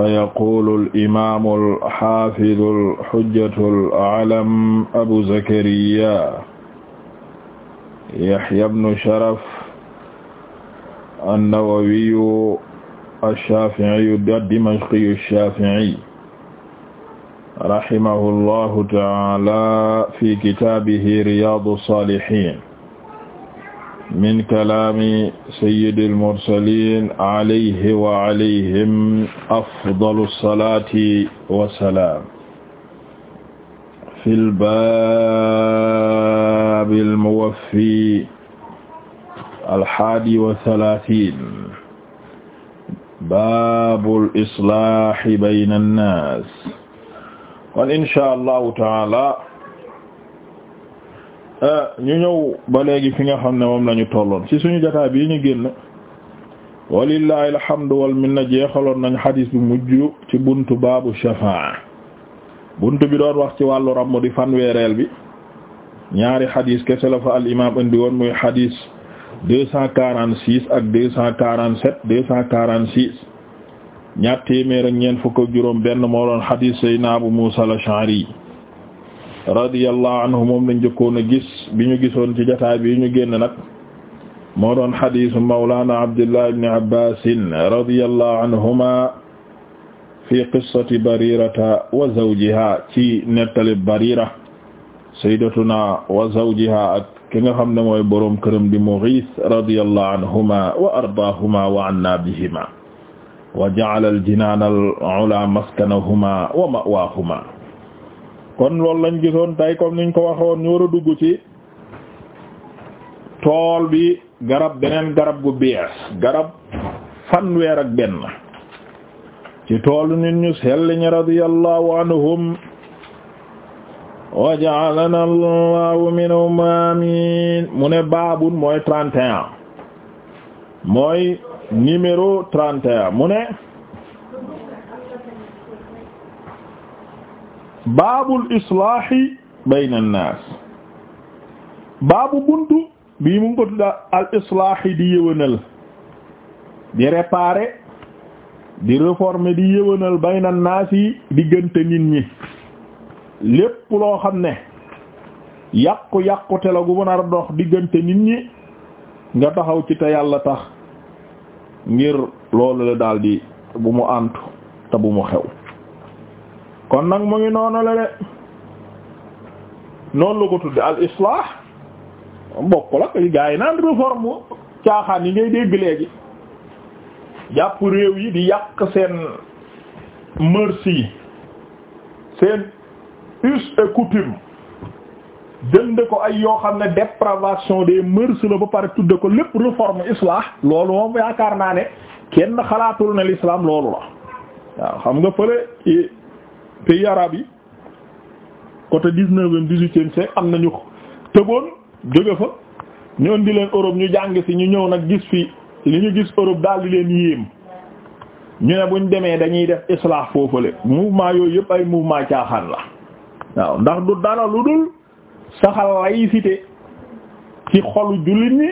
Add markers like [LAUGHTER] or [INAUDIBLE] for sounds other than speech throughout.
فيقول الإمام الحافظ الحجة العلم أبو زكريا يحيى بن شرف النووي الشافعي الدمشقي الشافعي رحمه الله تعالى في كتابه رياض الصالحين min kalaami sayyidil mursaliin alayhi wa alayhim afdalu salaati wa salaam. fil baabil muwaffi alhaadi wa salaatiin baabul islaahi bayna nnaas. kon incha allahu taala. Euh, ñu ñëw ba léegi fi nga xam ne moom lañu tolloon ci suñu jotaay bii ñu génn walillahi alhamdu wal na jeexaloon nañ xadiis bi mujj ci buntu baabu shafaa buntu bi doon wax ci wàllu ramm di fanweereel bi ñaari xadiis kese la fa al imaam indi woon muy xadiis deux cent quarante six ak deux cent quarante sept deux quarante six ñaar téeméer ak ñeent fukk ak juróom benn moo doon xadiis Seydina Abu Muusa al-Ash'ari radiyallahu anhu moom lañ njëkkoon a gis bi ñu gisoon ci jotaay bi ñu génn nag moo doon xadiisu mawlaana abdullah ibni abbasin radiyallahu anhuma fi qissati barirata wa zawjiha ci nettali barira saydatuna wa zawjiha ak ki nga xam ne mooy boroom këram di Mughis radiyallahu anhuma wa ardaahuma wa anna bihima wa ja'ala al-jinaan al-'ulaa maskanahuma wa ma'waahuma kon loolu lañ gisoon tey comme niñ ko waxoon ñu war dugg ci tool bi garab beneen garab gu bees garab fanweer ak benn ci toolu nit ñu sell ñi radiyallahu anhum wa ja'alana allahu minhum amin mu ne baabun mooy trente et mooy numéro trente et mu ne baabul islaahi bayna an-naas baabu buntu bii mu ngi ko tudda al islaahi di yëwënal di réparer di réformer di yëwënal bayna an-naas yi diggante nit ñi lépp loo xam ne yàqu yàqu te la gu mën dox diggante nit ñi nga taxaw ci te yàlla tax ngir loolu la daldi bu mu àntu te bu mu xew kon nag mu ngi noonu la de noonu la ko tudde al islah bokk la gaa yi naan réforme caaxaan yi ngay dégg léegi jàpp réew yi di yàq seen mœurs yi seen us et coutume jënd ko ay yoo xam ne dépravation des mœurs la ba pare tudde ko lépp réforme islah loolu moom yaakaar naa ne kenn xalaatul ne lislaam loolu la waaw xam nga fële pays arabe yi côté dix-neuvième am huitième siècle am nañu tëboon jóge fa ñu indi leen Europe ñu jàng ci ñu ñëw nag gis fi li ñu gis Europe dal di leen yéem ñu ne buñ demee dañuy def islah foofale mouvement yooyu yëpp ay mouvement caaxaan la waaw ndax du dara lu dul saxal laïcité ci xolu jullit ñi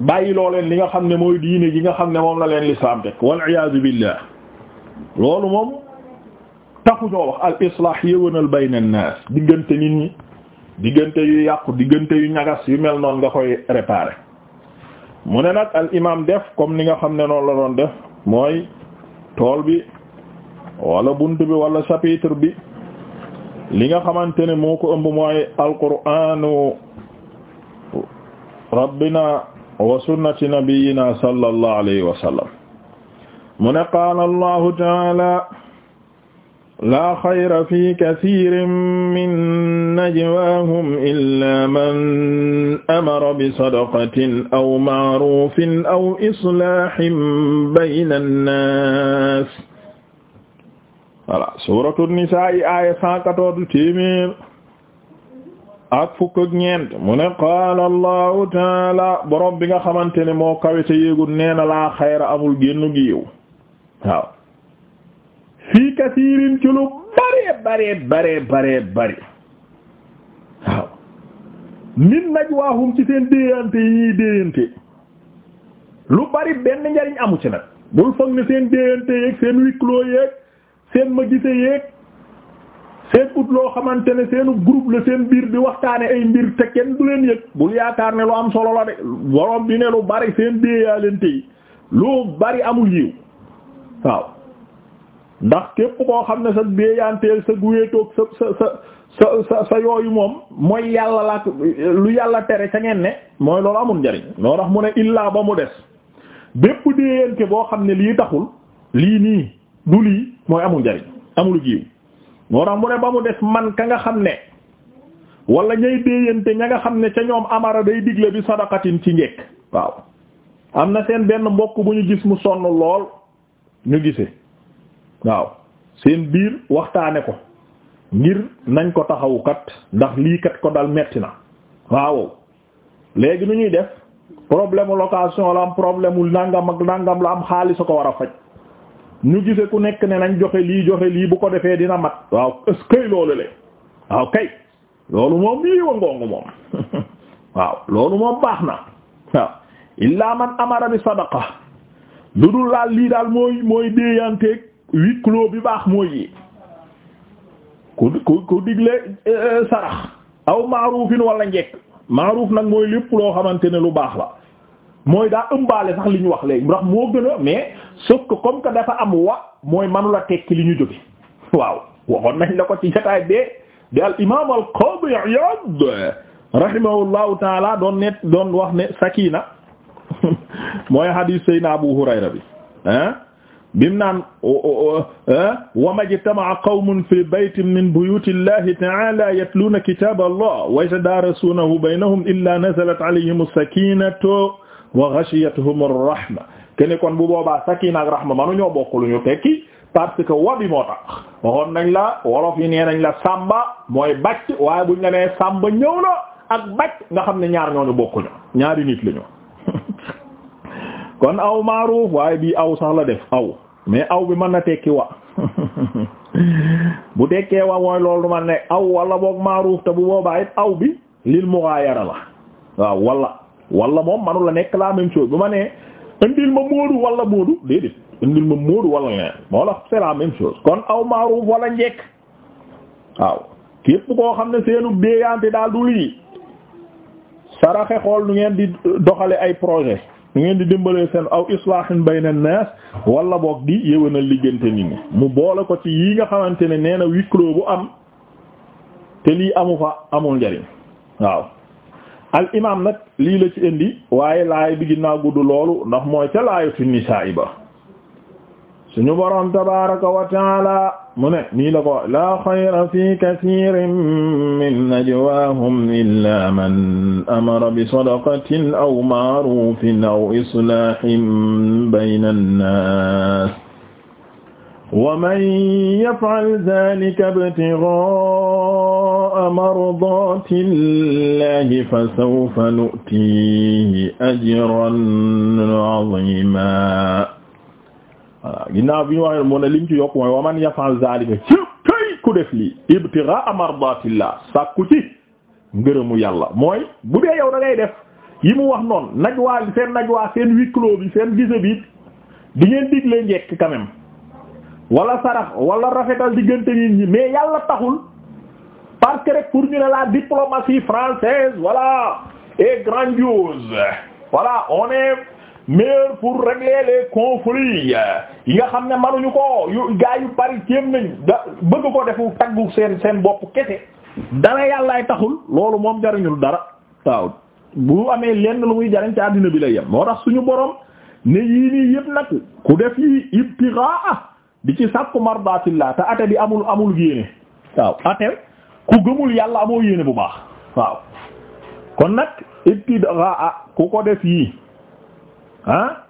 bàyyi loo leen li nga xam ne mooy diine gi nga xam ne moom la leen l'islam teg wal iyaazu billah loolu moom taxu ñoo wax al islah yéwénal bayna nas diggante ni ñi diggante yu yàqu diggante yu ñagas yu mel noonu nga koy réparer mu ne nag al imam def comme ni nga xam ne noonu la doon def mooy tool bi wala bunt bi wala chapitre bi li nga xamante ne moo ko ëmb mooy alquranu rabbina wa sunnati nabiyina sallallahu alayhi wa mu ne qaala allahu taala laa xayra fi kasiirin min najwaahum illaa man amara bi sadaqatin aw ma'ruufin aw islaahin bayna nnaas. voilà suuratu nisaa aaya cent quatorze téeméer ak fukk ak ñeent mu ne qaala allahu taala borom bi nga xamante ne moo kawe te yéegul nee na laa xayra amul génn gi yiw waaw. kasiirin ci lu bare bare bare bare bare waaw min najwaahum ci seen déeyante yi ñuy déeyante lu bari benn njariñ amu ci nag bul foog ne seen déeyante yeeg seen wikloo yeeg seen ma gise yeeg seen ut loo xamante ne seenu groupe la seen biir di waxtaane ay mbir te kenn du leen yëg bul yaakaar ne lu am solo la de borom bi ne lu bari seen déeyalante yi lu bari amul yiw waaw ndax képp koo xam ne sa béyanteel sa guweetoog sa sa sa sa sa sa yooyu moom mooy yàlla laak lu yàlla tere ca ngeen ne mooy loolu amul njariñ loo tax mu ne illaa ba mu des bépp déeyante boo xam ne lii taxul lii nii du lii mooy amul njariñ amulu jiw moo tax mu ne ba mu des man ka nga xam ne walla ñay déeyante ña nga xam ne ca ñoom amara day digle bi sadaqatin ci njekk waaw am na seen benn mbokk bu ñu gis mu sonn lool ñu gisee waaw seen biir waxtaane ko ngir nañ ko taxawu kat ndax lii kat ko dal metti na waaw léegi nu ñuy def problème location la am problème ul nangam ak nangam la am xaalis a ko war a faj ñu gise ku nekk ne nañ joxe lii joxe lii bu ko defee dina mat waaw est-ce loolu le waaw kay loolu moom lii wa ngoongu moom [LAUGHS] waaw loolu moom baax na waaw illaa man amara bi sadaqa lu dul laal lii daal mooy mooy déeyanteeg huis clos bi baax mooy yi ku ku ku digle euh, sarax aw maarufin wala njekk maaruf nag mooy lépp loo xamante ne lu baax la mooy daa ëmbaale sax li ñu wax léegi ndax moo gën mais sauf que comme que dafa am wa mooy manula nañ la ko ci jotaay bee di al imam al qadi Iyad rahimahullahu taala doon net doon wax ne sakina [LAUGHS] mooy hadith sayna Abu Hurayra bi ah bim naan eh, wa majtama'a qawmun fi baytin min buyuti llahi ta'ala yatluuna kitaba allah wa yatadaarasuunahu baynahum illa nazalat alayhim as-sakinatu wa ghashiyatuhum ar-rahma kene kon bu boobaa sakina ak rahma manu ñoo bokk lu ñu tekki parce que wabi moo tax waxoon nañ la wolof yi nee nañ la sàmba mooy bàcc waaye buñ la nee sàmba ñëw na ak bàcc nga xam ne ñaar ñooñu bokkuñu ñaari nit lañu [LAUGHS] kon aw maaruuf waaye bii aw sax la def aw mais aw bi mën na tekki wa [LAUGHS] bu tekkee wa mooy loolu man ne aw walla boog maaruuf te bu boobaa it aw bi lil mughayara la waaw wala walla moom manu la nekk la même chose bu ma nee indil ma móodu wala móodu déedéet indil ma móodu wala leneen moo la c'est la même kon aw maaruuf walla njekk waaw képp koo xam ne seenu déeyante daal du lii saraxe xool nu ngeen di doxale ay projet nu ngeen di dimbalee seen aw islaahin bayna naas wala boog di yéwénal liggante nit ñi mu boole ko ci yi nga xamante ne nee na huis clos bu am te lii amu fa amul njariñ waaw al imaam nag lii la ci indi waaye laay bi ginnaaw gudd loolu ndax mooy ca laayatu nisaa ba suñu borom tabaaraka wa mu ne nii la ko laa xayra fi kasiirin min najwaahum illaa man amara bi sadaqatin aw ma'ruufin aw islaahin bayna an-naas wa man yaf'al dhaalika ibtighaa'a mardaati llaahi fasawfa nu'tiihi ajran 'aziimaa voilà ginnaaw bi ñu waxee mu ne lim ci yokk mooy wa man yafal zalika ci kay ku def lii ibtigha mardatillah sàkku ci ngërëmu yàlla mooy bu dee yow da ngay def yi mu wax noon najwaa seen najwaa seen huis clos bi seen gise bi di ngeen digle njekk quand même wala sarax wala rafetal diggante nit ñi mais yàlla taxul parce rek pour ñu ne la diplomatie française voilà est grandiose voilà on meilleur pour régler les conflits yi nga xam ne manuñu ko yu gaa yu bari jéem nañ da bëgg ko defu taggu seen seen bopp kese dara yàllaay taxul loolu moom jariñul dara waaw bu amee lenn lu muy jariñ ci àddina bi lay yem moo tax suñu borom ne yii nii yëpp nag ku def yi ibtiraa di ci sàkku mardatillah te ate bi amul amul yéene waaw ate ku gëmul yàlla amoo yéene bu baax waaw kon nag ibtiraa ku ko def yii ah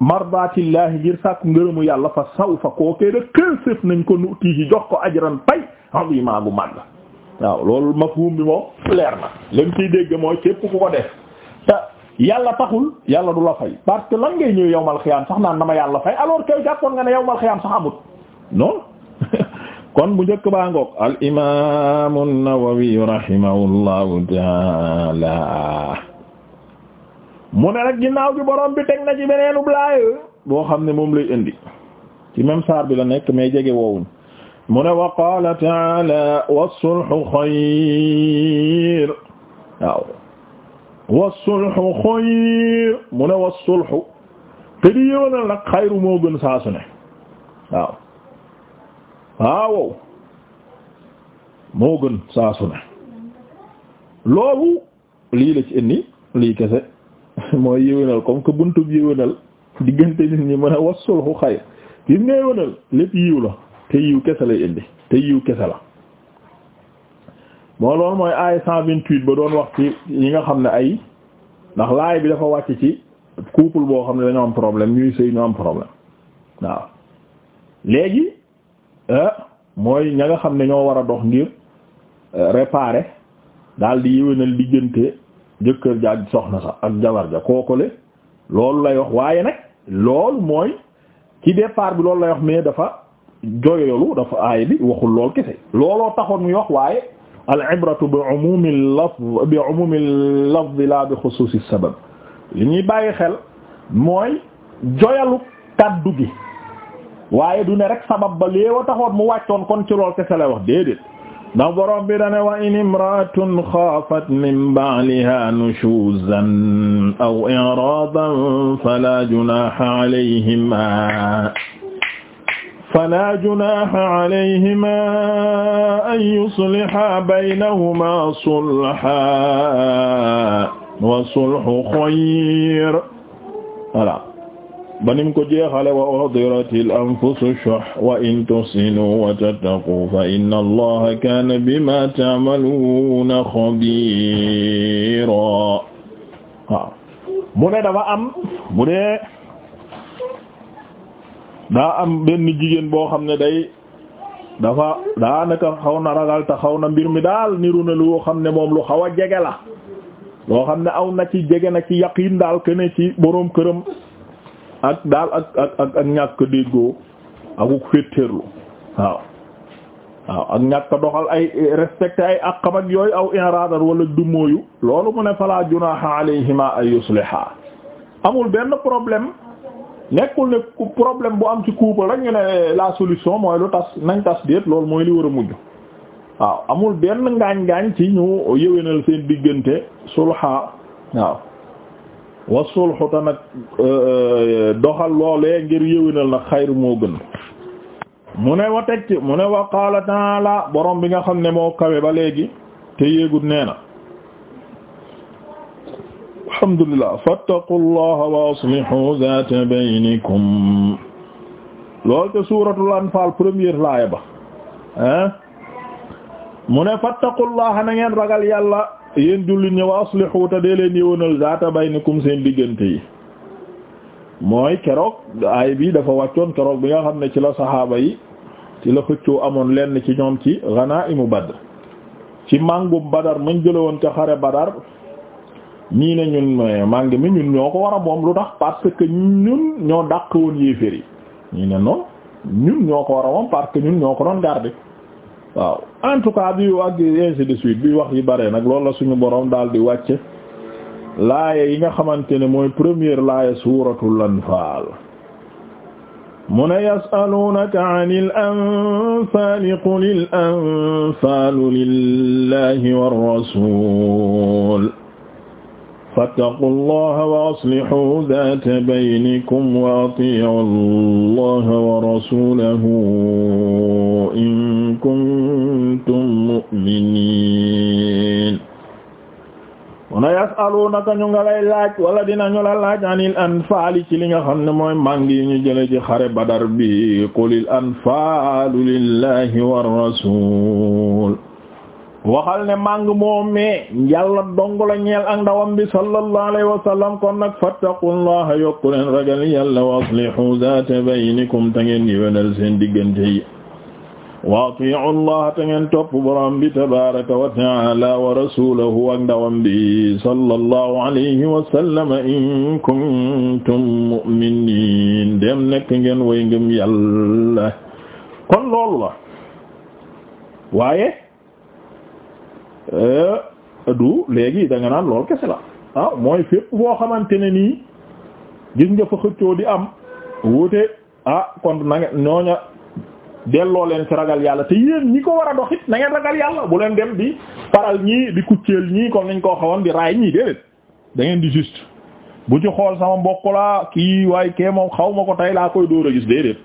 mardatillahi ngir sàkku ngërëmu yàlla fa saw fa kookee da nañ ko nuutii yi jox ko ajran pay azima gu màgg waaw lool mafhum bi moom leer na leen ciy dégg mooy képp ku ko def te taxul yàlla du la fay parce que lan ngay ñëw yowmal xiyaam sax naan na ma yàlla fay alors que jàppoon nga ne yowmal xiyaam sax amut non [LAUGHS] kon bu njëkk baa ngoog al imaamu Nawawi mu ne nag ginnaaw gi borom bi teg na ci beneen ublaay boo xam ne moom lay indi ci même saar bi la nekk mais jege woowuñ mu ne wa qaala taala wassulhu xayr waaw wassulhu xayr mu ne wassulhu te di yéwénal nag xayru moo gën saasu ne waaw waaw moo gën saasu ne loolu lii la ci indi lii kese [LAUGHS] mooy yéwénal comme que buntu bi yéwénal diggante nit ñi mën a wasulxu xayr gis nga yéwénal lépp yiw la te yiw kese la indi te yiw kese la moo loolu mooy aaya cent vingt-huit ba doon wax ci ñi nga xam ne ay ndax laay bi dafa wàcc ci couple boo xam ne dañoo am problème ñuy sëy ñu am problème waaw léegi euh, mooy ña nga xam ne ñoo war a dox ngir euh, réparer daal di yéwénal diggante jëkkër ja ak soxna sax ak jabar ja kookale loolu lay wax waaye nag loolu mooy ci départ bi loolu lay wax mais dafa joyolu dafa aay bi waxul lool kese looloo taxoon mu wax waaye al ibratu bi umumi bi umumi la bi xusuusi sabab li ñuy bàyyi xel mooy joyalu kaddu gi waaye du ne rek sabab ba léewa taxoon mu wàccoon kon ci lool kese lay wax déedéet ndax borom bi dane wa in imraatun xaafat min ba'liha nushuzan aw i'radan fala junaha alayhima fala junaha alayhima an yusliha baynahuma sulha wa sulhu xayr voilà banim ko jeexale wa uhdiratil anfusu shuh wa in tuhsinu wa tattaqu fa inna allaha kaana bima ta'maluna khabira mu ne dafa am bu dee daa am benn jigéen boo xam ne day dafa daanaka xaw na ragal te xaw na mbir mi daal niru na lu xam ne moom lu xaw a jege la loo xam ne aw na ci jege na ci yaqiin daal ke ci boroom këram ak daal ak ak ak ak ñàkk déggoo akuk féeteerlu waaw waaw ak ñàkk doxal ay respecté ay àqam yooyu aw inradar wala dumóoyu loolu mu ne fala junaha alayhima ay yusliha amul benn problème nekkul ne problème bu am ci couple rek ñu ne la solution mooy lu tas nañ tas déet loolu mooy li war a mujj waaw amul benn ngaañ-ngaañ ci ñu yëwénal seen diggante sulha waaw wa sulhu ta nag euh, euh, doxal loolee ngir yëwénal nag xayru moo gën mu ne wa teg taala borom bi nga xam ne moo kawe ba léegi te yéegut nee na alhamdulillah fattaqullaha wa aslihu zaata baynikum loolu te suuratul anfaal première laaya ba ah mu ne fattaqullaha ragal yàlla yéen jullit ñi wa aslihu te dee leen yëwanal zaata baynikum seen diggante yi mooy keroog aay bii dafa wàccoon keroog bi nga xam ne ci la saxaaba yi ci la xëccoo amoon lenn ci ñoom ci mu Badr ci màngum Badar mañ jële woon ca xare Badar ñii ne ñun màng mi ñun ñoo ko war a moom lu tax parce que ñun ñoo dàq woon yéeféer yi ñii ne non ñun ñoo ko war a moom parce que ñun ñoo ko doon garder waaw en tout cas bi de suite bi wax yi bare nag loolu la suñu boroom daal di wàcce laaya yi nga xamante ne mooy première laaya suuratul anfaal mu ne yasaluunaka anil anfaali qulil anfaalu lillahi war rasul fattaqu allaha wa aslihuu zaata baynikum wa atii'u allaha wa rasuulahu in kuntum mu'miniin wana yas'aluunaka ñu nga lay laaj wala dinañu la laaj anil anfaali ci li nga xam ne mooy màng yi ñu jële ci xare badar bi qulil anfaalu lillahi war rasuul waxal ne màng moomee yàlla dong la ñeel ak ndawam bi sallallahu alayhi wa sallam kon nag yokku leen ragal yàlla wa aslihu zaata baynikum ta ngeen yiwénal seen wa ati'u llaha ta ngeen topp borom bi tabaraka wa ta'ala wa rasulahu ak ndawam bi sallallahu alayhi wa sallam in kuntum mu'minin dem nekk ngeen way ngëm yàlla kon loolu la waaye Euh, du léegi danga naan loolu kese la ah mooy fépp boo xamante ne nii gis nga fa xëccoo di am wuute ah kon na ngeen ñooña delloo leen ci ragal yàlla te yéen ñi ko war a doxit na ngeen ragal yàlla bu leen dem di paral ñii di kucceel ñii comme nañ koo xawoon di raay ñii déedéet da di juste bu ci xool sama mbokk la kii waaye kee moom xaw ma ko tey laa koy dóor a gis déedéet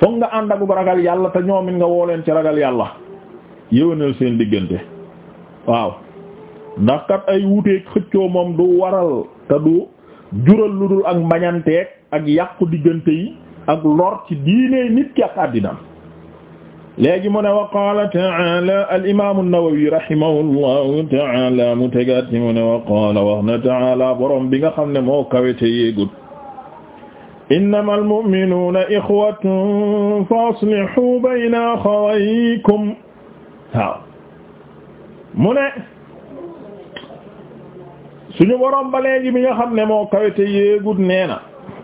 foog nga ànd ak ragal yàlla te ñoomin nga woo leen ci ragal yàlla yéwénal seen diggante waaw ndax kat ay wuteeg xëccoo moom du waral te du jural lu dul ak mbañanteeg ak yàqu diggante yi ak lor ci diine nit ki ak àddinam léegi mu ne wa qaala taala al imaamu Nawawi rahimahullahu taala mu tegaat ci mu ne wa qaala wax na taala borom bi nga xam ne moo kawete yéegut innama almuminuuna ixwatun fa aslihu bayna axawaykum waaw mu ne suñu boroom ba léegi mi nga xam ne moo kawete yéegut nee na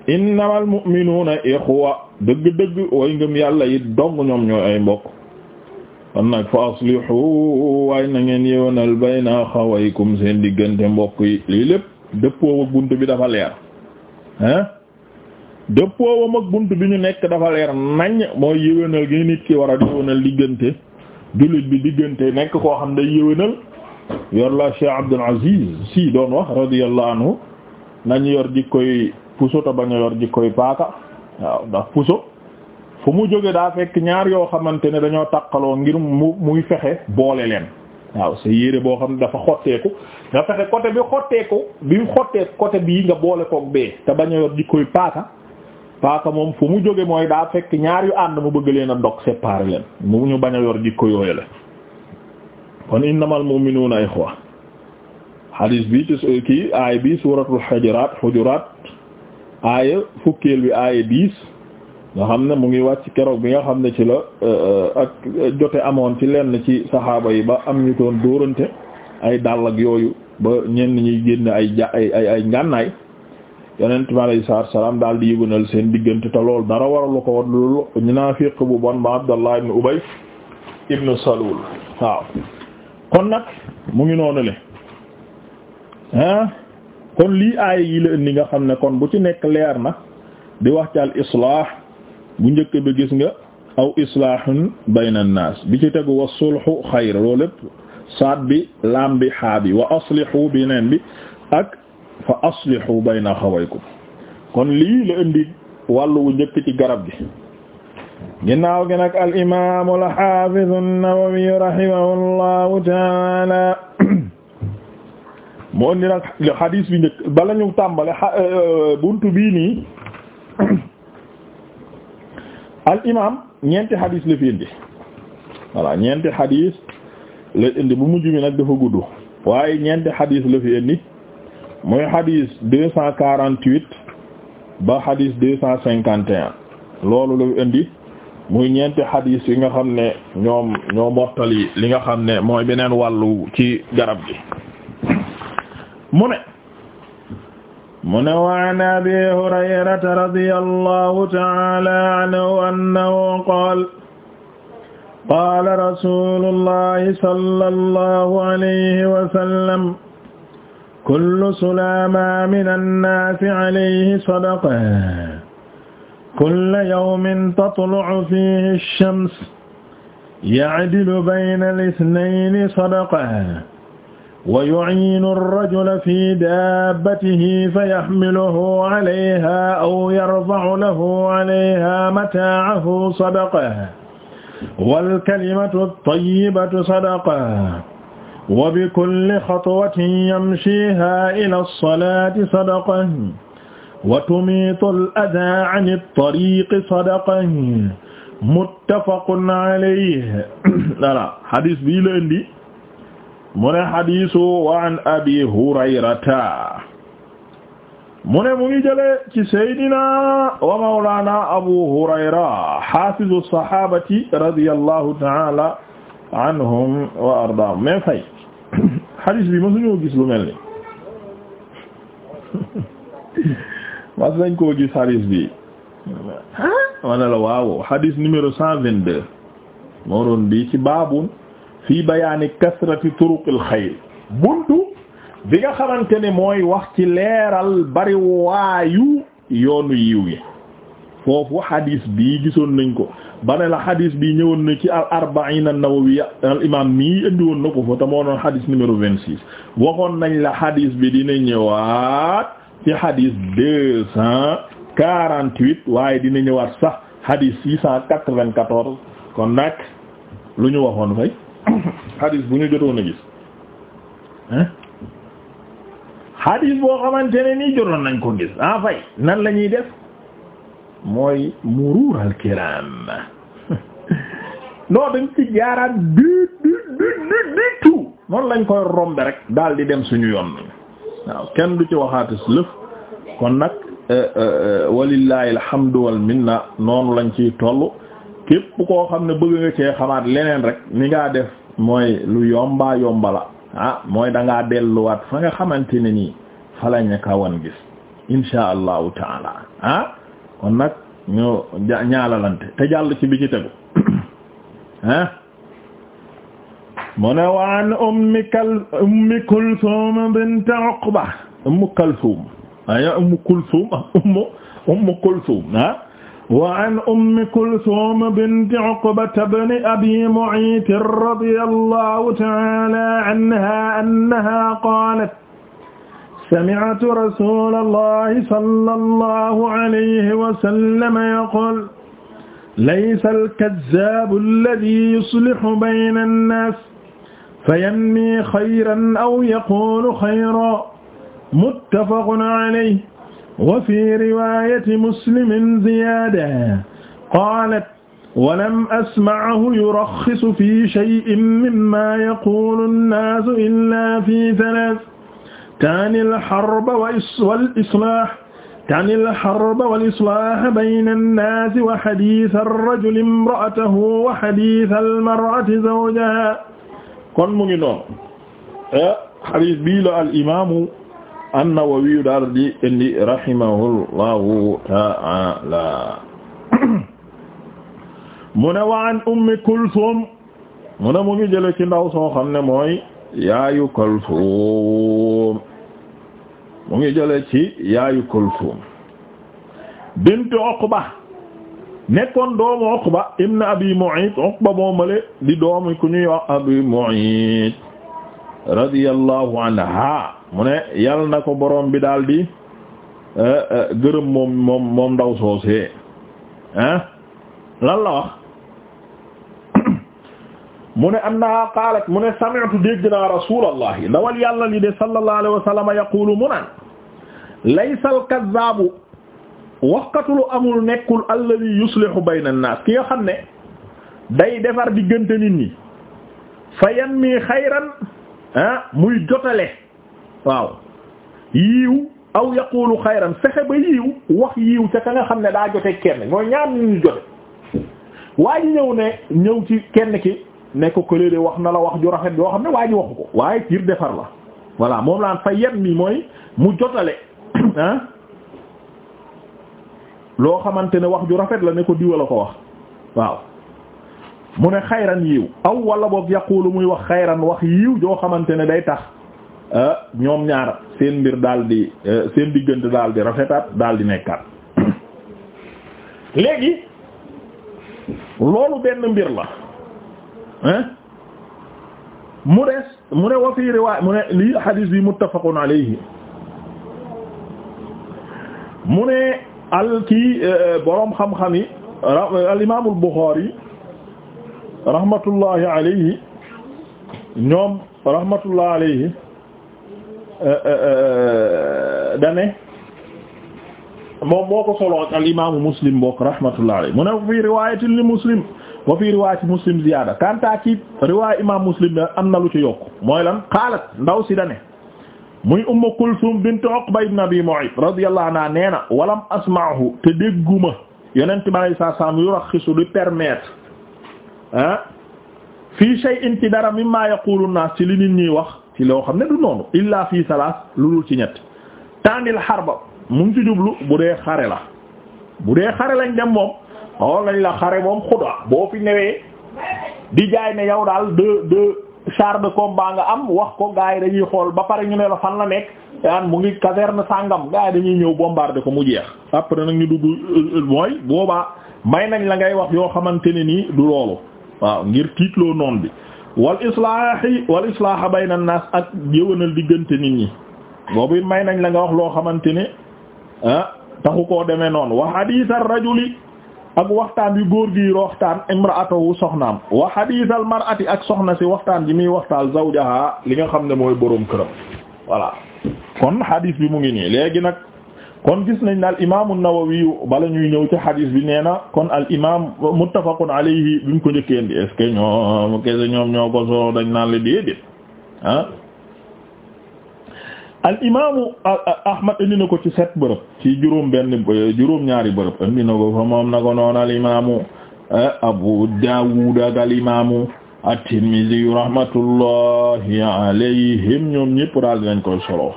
innamal mu'minuuna ixwa dëgg-dëgg way ngëm yàlla yi dong ñoom ñooy ay mbokk kon nag fa aslihu waaye na ngeen naa bayna xawaykum seen diggante mbokk yi lii lépp dëppoo ak bunt bi dafa leer hein dëppoo ak bunt bi ñu nekk dafa leer nañ mooy yéwénal gi nit ki war a yéwénal diggante jullit bi diggante nekk koo xam day yëwénal yor la Cheikh Abdul Aziz si doon wax radiyallahu anhu nañ yor jikkoy puso te bañ a yor jikkoy paaka waaw ndax puso fu mu jóge daa fekk ñaar yoo xamante ne dañoo takkaloo ngir mu muy fexe boole leen waaw sa yére boo xam ne dafa xotteeku nga fexe côté bi xotteeku bi xotteeku côté bii nga boole koog bee te bañ a yor koy paaka paaka moom fu mu jóge mooy daa fekk ñaar yu ànd mu bëgg leen a dog séparer leen mu ñu bañ a yor jikko yooyu la kon innamal mu'minuna ikhwa hadis bi ci kii aaya bi suratul xujuraat xujuraat aaya fukkeel bi aaya diis nga xam ne mu ngi wàcc keroog bi nga xam ne ci la euh, euh, ak jote amoon ci lenn ci saxaaba yi ba am ñu doon dóorante ay dàll ak yooyu ba ñenn ñuy génn ay ay ay ay ngànnaay yonent bi alayhi salaatu salaam daal di yëgunal seen diggante te loolu dara waralu ko woon loolu munaafiq bu bon ba Abdallah ibn Ubay ibn Salul waaw kon nag mu ngi noonu le ah kon lii aaya yi la indi nga xam ne kon bu ci nekk leer na di wax ci al bu njëkk bi gis nga aw islaahun bayna an-naas bi ci tegu wa sulhu xayr loolu lépp saat bi laam bi xaa wa aslihu bi neen bi ak fa aslihu bayna xawaykum kon lii la indi wàllu wu njëkk ci garab gi ginnaaw gi nag al imaamu al xaafiz an-Nawawi rahimahullahu taala [CLEARS THROAT] mu indi nag xadiis bi njëkk bala ñu tàmbale euh, euh, buntu bii nii [CLEARS THROAT] al imaam ñeenti xadiis la fi indi voilà ñeenti xadiis la indi bu mujj bi nag dafa gudd waaye ñeenti xadiis la fi indi mooy xadis deux ba xadis deux loolu la indi muy ñeenti xadis yi nga xam ne ñoom ñoo mottali li nga xam ne mooy beneen wàllu ci garab gi mu ne mu ne wa an abi hurayrata radiyallahu ta'ala anhu annahu qaala qaala rasulullahi kullu sulaama min annaasi alayhi sadaqa kulla yawmin tatlu'u fiihi ash-shams ya'dilu bayna al-ithnayni sadaqa wa yu'iinu ar-rajula fii daabbatihi fayahmiluhu 'alayhaa aw yarfa'u lahu 'alayhaa mataa'ahu sadaqa wal kalimatu at-tayyibatu sadaqa wa bi kulli xatwatin yamshiha ila as-salaati sadaqatan wa tumiitu al-adaa an at-tariiqi sadaqatan muttafaqun alayhi voilà hadis bii la indi mu ne hadisu wa an abi hurayrata mu ne mu ngi jëlee ci saydina wa mawlaana abu hurayra xaafizu sahabati radiyallahu ta'ala anhum wa ardaahum mais fay xadiis bi masuñoo gis lu mel ni mas nañ koo gis xadiis bi ma ne la waaw xadiis numéro cent vingt-deux moo bi ci baabun fi bayaani kasrati turuqil xayr buntu bi nga xamante ne mooy wax ci leeral bari waayu yoonu yiw yi foofu xadiis bi gisoon nañ ko ba la xadis bi ñëwoon na ci al arbaine an-nawawiyya al imam mii indi na ko fa te moo doon xadis numéro vingt six waxoon nañ la xadis bi dina ñëwaat ci xadis deux cent quarante huit waaye dina ñëwaat sax xadis six cent quatre vingt quatorze kon nag lu ñu waxoon fay [COUGHS] xadis bu ñu jotoon a gis hein xadis boo xamante ne nii jotoon nañ ko gis ah fay nan la ñuy def mooy muruur al kiram non dañ ci noonu lañ koy rombe rek daal di dem suñu yoon waaw kenn du ci waxaatis lëf kon nag eh, eh, eh, walillahi alhamdu wal minna noonu lañ ciy toll képp koo xam ne bëgg nga cee xamaat leneen rek ni ngaa def mooy lu yomba yomba la ah, mooy da delluwaat fa nga xamante ne nii fa lañ ka wan gis insha allahu taala ah kon nag ñu ñaalalante te jàll ci bi ci tegu ah [COUGHS] mu ne waan ummi kal ummi kulsum bint uqba ummu kulsum aya ummu kulsum ummu ummu kulsum ah waan ummi kulsum bint uqba ibn abi mu'ayt radiyallahu ta'ala anha annaha qalat sami'tu rasulallahi sallallahu alayhi wa sallam yaqul laysa al-kazzaabu alladhi yuslihu bayna an-naas fayanmi xayran aw yaqulu xayran muttafaqun alayhi wa fi riwaayati muslimin ziyaada qaalat walam asma'ahu yuraxxisu fi shay'in mimmaa yaqulu an-naasu illaa fi thalaathin kaani al-harb wal-islaah kaani al-harb wal-islaah bayna an-naas wa hadiith ar-rajuli imra'atahu wa hadiith al-mar'ati zawjahaa kon mu ngi noonu eh, hadiis bii la al-imaamu an-Nawawi daal di indi rahimahullahu ta'aala [COUGHS] mu ne wa an Ummi Kulthum mu ne mu ngi jële ci ndaw soo xam ne mooy yaayu Kulthum mu ngi jële ci yaayu Kulthum bintu Uqba nekkoon doomu Uqba ibn Abi Mu'ayt Uqba moomale di doomu ku ñuy wax Abi Mu'ayt radiyallahu anha mu na ko borom bi daal di eh, eh, gërëm moom moom moom ndaw soosee ah wax mu ne annaha qaalat mu ne sami'tu dégg naa rasulallahi ndawal yàlla li de sallallahu alayhi wa sallam yaqulu mu naan laysa alkazaabu waxkatu lu amul nekkul alladi yuslihu bayna an-naas ki nga xam ne day defar diggante nit ñi fa yanmi xayran ah muy jotale waaw yiiw aw yaqulu xayran fexe ba yiiw wax yiiw ca ka nga xam ne daa jote kenn mooy ñaar ñu ñu jote waa ji ñëw ne ñëw ci kenn ki nekk ko de wax na la wax ju rafet yoo xam ne waa ji waxu ko waaye tiir defar la voilà moom laan fa yet mi mooy mu jotale [COUGHS] loo xamante ne wax ju rafet la ne ko diwa la ko wax waaw mu ne xayran yiw aw walla wala boog lu muy wax xayran wax yiw joo xamante ne day tax euh, ñoom ñaar seen mbir daal di euh, seen diggante daal di rafetaat daal di nekkaat [COUGHS] léegi loolu benn mbir la mu des mu ne wa fii riwaay mu ne lii hadis bi muttafaqun alayhi mu ne al kii eh, eh, boroom xam-xam yi al imaamul Buxaari rahmatullahi alayhi ñoom rahmatullahi alayhi eh, dane moom moo ko solo ak al imaamu Muslim bokk rahmatullahi alayhi mu ne wa fii riwaayatin li Muslim wa fi riwaayati muslim ziyaada kanta ci riwaay imam muslim am na lu ci yokk mooy lan xaalat ndaw si dane muy ummu kulsum bint uqba ibn abi mu'ayt radiyallahu anha nee na walam asmaahu te dégguma yonent bi alayhi salaam yuraxisu di permettre ah fii shay'in ci dara mimma yaqulu naas ci li nit ñiy wax ci loo xam ne du noonu illa fii salaas lu dul ci ñett tànnil xarba mu ngi ci jublu bu dee xare la bu dee xare lañ dem moom waaw nañ la xare moom xuda boo fi newee di jaay ne yow daal deux deux chars de combat nga am wax ko gars yi dañuy xool ba pare ñu ne la fan la nekk daan mu ngi na sàngam gars yi dañuy ñëw bombarder ko mu jeex. après nag ñu dugg mooy boobaa may nañ la ngay wax yoo xamante ne nii du loolu waaw ngir tiitloo noon bi wal islaahi wal islaaha bayna nas ak yëwanal diggante nit ñi boobu may nañ la nga wax loo xamante ne ah taxu koo demee noonu wa hadith ar ak waxtaan wi góor gi waxtaan imraatahu soxnaam wa hadithal mar'ati ak soxna si waxtaan ji muy waxtaal zawjaha li nga xam ne mooy boroom këram voilà kon hadith bi mu ngi nii léegi nag kon gis nañ ne al imaamu Nawawi bala ñuy ñëw ci hadith bi nee na kon al imaam muttafaqun alayhi bi mu ko njëkkee indi est ce ñoom ñoo ko soo dañ naan la déedéet ah. al imaamu Ahmad indi na ko ci sept bërëb ci juróom benn juróom ñaari bërëb indi na ko fa moom na ko noon al imaamu Abu Dawud ak al imaamu at-Tirmidhi rahmatullahi alayhim ñoom ñëpp daal dinañ koy solo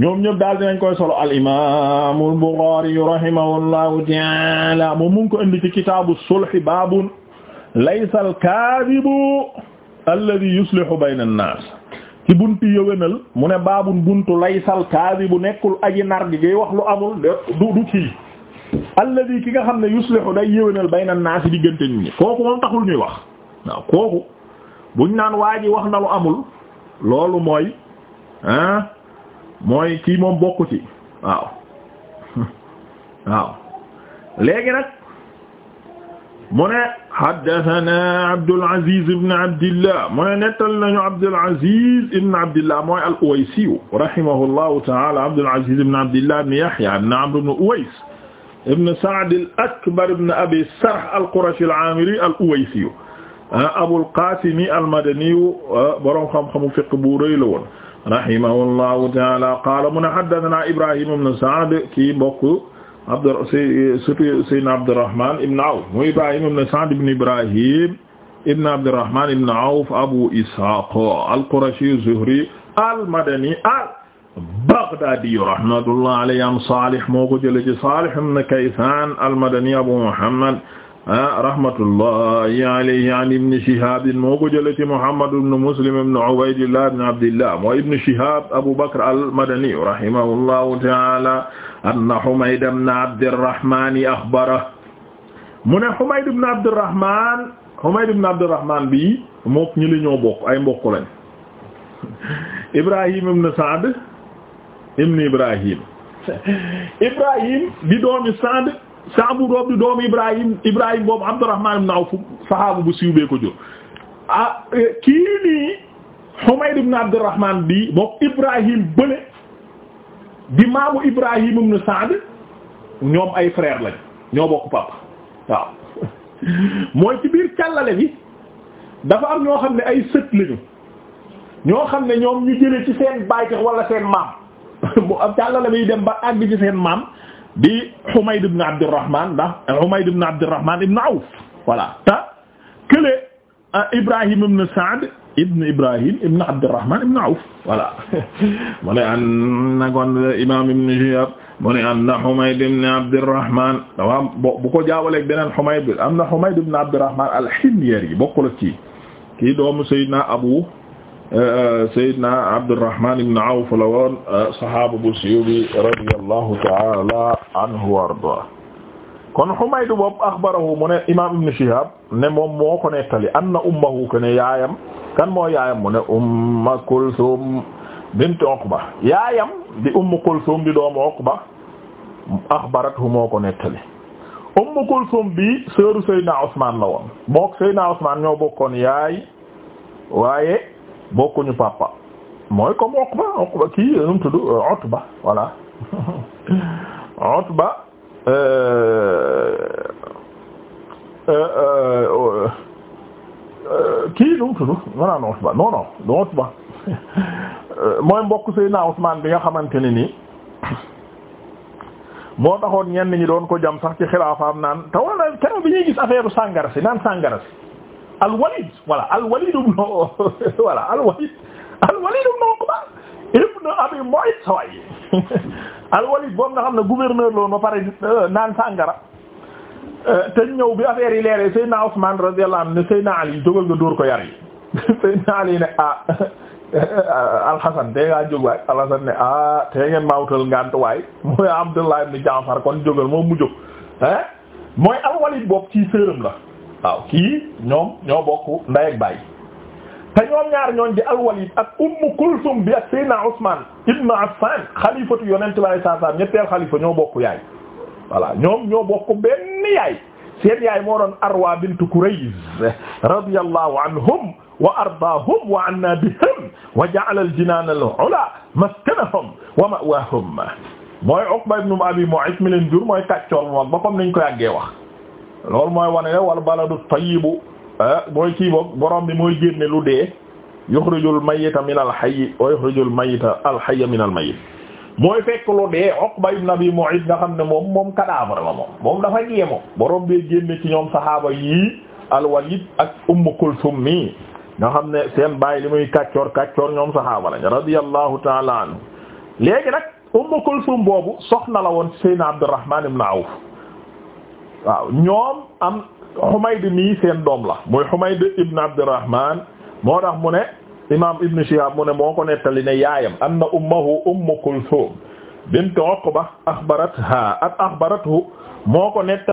ñoom ñëpp daal dinañ koy solo al imaamu al-Bukhari rahimahullahu ta'ala moom mu ngi ko indi ci kitaabu sulh baabun laysa al-kaadhibu alladhi yuslihu bayna an-naas ci buntu yëwénal mu ne baabun buntu laysal kaasi bu nekkul aji nar gi ngay wax lu amul du du kii di ki nga xam ne yuslihu day yëwénal bayna naasi diggante nit ñi kooku moom taxul ñuy wax waaw kooku buñ naan waa ji wax na lu amul loolu mooy ah mooy kii moom bokku ci waaw [LAUGHS] waaw léegi nag mu ne haddathana Abdul Aziz ibn Abdillah mu ne nettal nañu Abdul Aziz ibn Abdillah mooy al-Uwaysi rahimahullahu ta'ala Abdul Aziz ibn Abdillah ibn Yahya ibn Amr ibn Uways ibn Sa'd al-Akbar ibn Abi Sarh al-Qurashi al-Amiri al-Uwaysi ah, Abul Qasim al-Madani ah, boroom xam-xamu fiqh bu rëy la woon rahimahullahu ta'ala qaala mu ne haddathana Ibrahim ibn Sa'd kii mbokk abd surtout saydna abdurrahman ibn awf mu ibrahim ibn sa'd ibn ibrahim ibn abdurrahman ibn awf abu ishaq al-qurashi az-zuhri al-madani al-baghdadi rahmatullahi alayhi am salih moo ko jële ci salih ibn kaysan al-madani abu muhammad rahmatullahi alayhi an ibni Shihab moo ko jëlee ci Muhammad ibn Muslim ibn Ubaydillah ibn Abdillah moo ibni Shihab Abu Bakr al-Madani rahimahullahu ta'ala anna Humayd ibn Abdirrahman akhbarahu mu ne Humayd ibn Abdirrahman Humayd ibn Abdirrahman bi mook ñi li ñoo bokk ay mbokk lañ [LAUGHS] Ibrahim ibn Sa'd ibn Ibrahim [LAUGHS] Ibrahim di doomi Sa'd Sa'bu doom di doomu Ibrahim Ibrahim boobu Abdurrahman ibn Awf saxaabu bu siiw bee ko jur ah kii nii Humayd ibn Abdurrahman bi moom Ibrahim bële di maamu Ibrahim ibn Sa'd ñoom ay frère lañ ñoo bokk papa waaw [LAUGHS] mooy ci biir càllale bi dafa am ñoo xam ne ay sët lañu ñoo xam ne ñoom ñu jëlee ci seen baay wala seen maam [LAUGHS] càllale bi dem ba àgg ci seen maam di Humayd ibn Abdurrahman ndax Humayd ibn Abdurrahman ibn Awf voilà te kële Ibrahim ibn Sa'd ibn Ibrahim ibn Abdurrahman ibn Awf voilà [LAUGHS] mu ne an na kon imam ibn Shihab mu ne an na Humayd ibn Abdurrahman dafa am bu ko jaawaleeg beneen Humayd am na Humayd ibn Abdurrahman al-Himyari bokkul ci kii doomu Sayyidina Abu Eh, eh, Seydina Abdurrahman ibn Awf la woon eh, sahaaba bu siiw bi ta'ala anhu wa ardaa kon Humayd boobu axbarahu mu ne imaam Ibn Shihab ne moom moo ko nettali anna ummahu ko ne yaayam kan moo yaayam mu ne Ummu Kulthum bint Uqba yaayam di Ummu Kulthum di doomu Uqba axbarathu moo ko nettali Ummu Kulthum bi sœuru Seydina Usmaan la mook Seydina Usmaan ñoo bokkoon yaay waaye bokkuñu papa mooy comme Uqba Uqba kii nu mu tudd euh, Utba voilà [LAUGHS] Utba euh, euh, kii nu mu tudd maanaam Utba non non du Utba [LAUGHS] mooy mbokk Seydina Usmaan bi nga xamante ne nii moo taxoon ñenn ñi doon ko jam sax ci xilaafaam naan te wala bi ñuy gis affaire sàngara si naan sàngara al-Walid voilà al-Walid [LAUGHS] al-Walid al-Walid ibn Abi Mu'ayt saway [LAUGHS] al-Walid boobu nga xam ne gouverneur loonu ba pare euh, euh, te ñëw bi affaire yi leeree Seydina Ousmane radiyallahu anhu ne Seydina Ali jógal nga dóor ko yar yi [LAUGHS] Seydina Ali ne ah Al-Hasan te ngaa jóg waay Al-Hasan ne ah te ngeen maa wutal ngànt waay mooy Abdullah ibn Jaafar kon jógal moom mu jóg ah mooy al-Walid boobu ci sërëm la waaw kii ñoom ñoo bokk ndey ak baay te ñoom ñaar ñooñ di al-Walid ak Umm Kulthum bi ak Seydina ibn Affan xalifatu yonent bi alayhi salaam ñetteel xalifa ñoo bokk yaay voilà ñoom ñoo bokk benn yaay seen yaay moo doon Arwa bint Kurayz radiyallahu anhum wa ardaahum wa anna bihim wa ja'ala al-jinaan al-'ulaa maskanahum wa ma'waahum mooy Uqba ibn Abi Mu'ayt mi leen jur mooy kàccoor moom ba comme niñ ko yàggee wax loolu mooy wane ne wal baladu tayyibu ah, mooy kii boog borom bi mooy génne lu dee yuxrijul mayyita min al hayyi wa yuxrijul mayyita al hayya min al mooy fekk lu dee Uqba ibn Abi Mu'ayt nga xam ne moom moom cadavre la moom moom dafa dee moom borom bee génne ci ñoom saxaaba yii al Walid ak Umm Kulthum mi nga xam ne seen baay li muy kàccoor kàccoor ñoom saxaaba lañ radiyallahu ta'ala anhu léegi nag Umm Kulthum boobu soxna la woon Seydina Abdurrahman ibn Awf waaw ñoom am Humayd nii seen doom la muy Humayd ibn Abdurrahman moo tax mu ne imaam Ibn Shihab mu ne moo ko nettali ne yaayam anna ummahu Umm Kulthum bint Uqba akhbaratha at akhbarathu moo ko nettali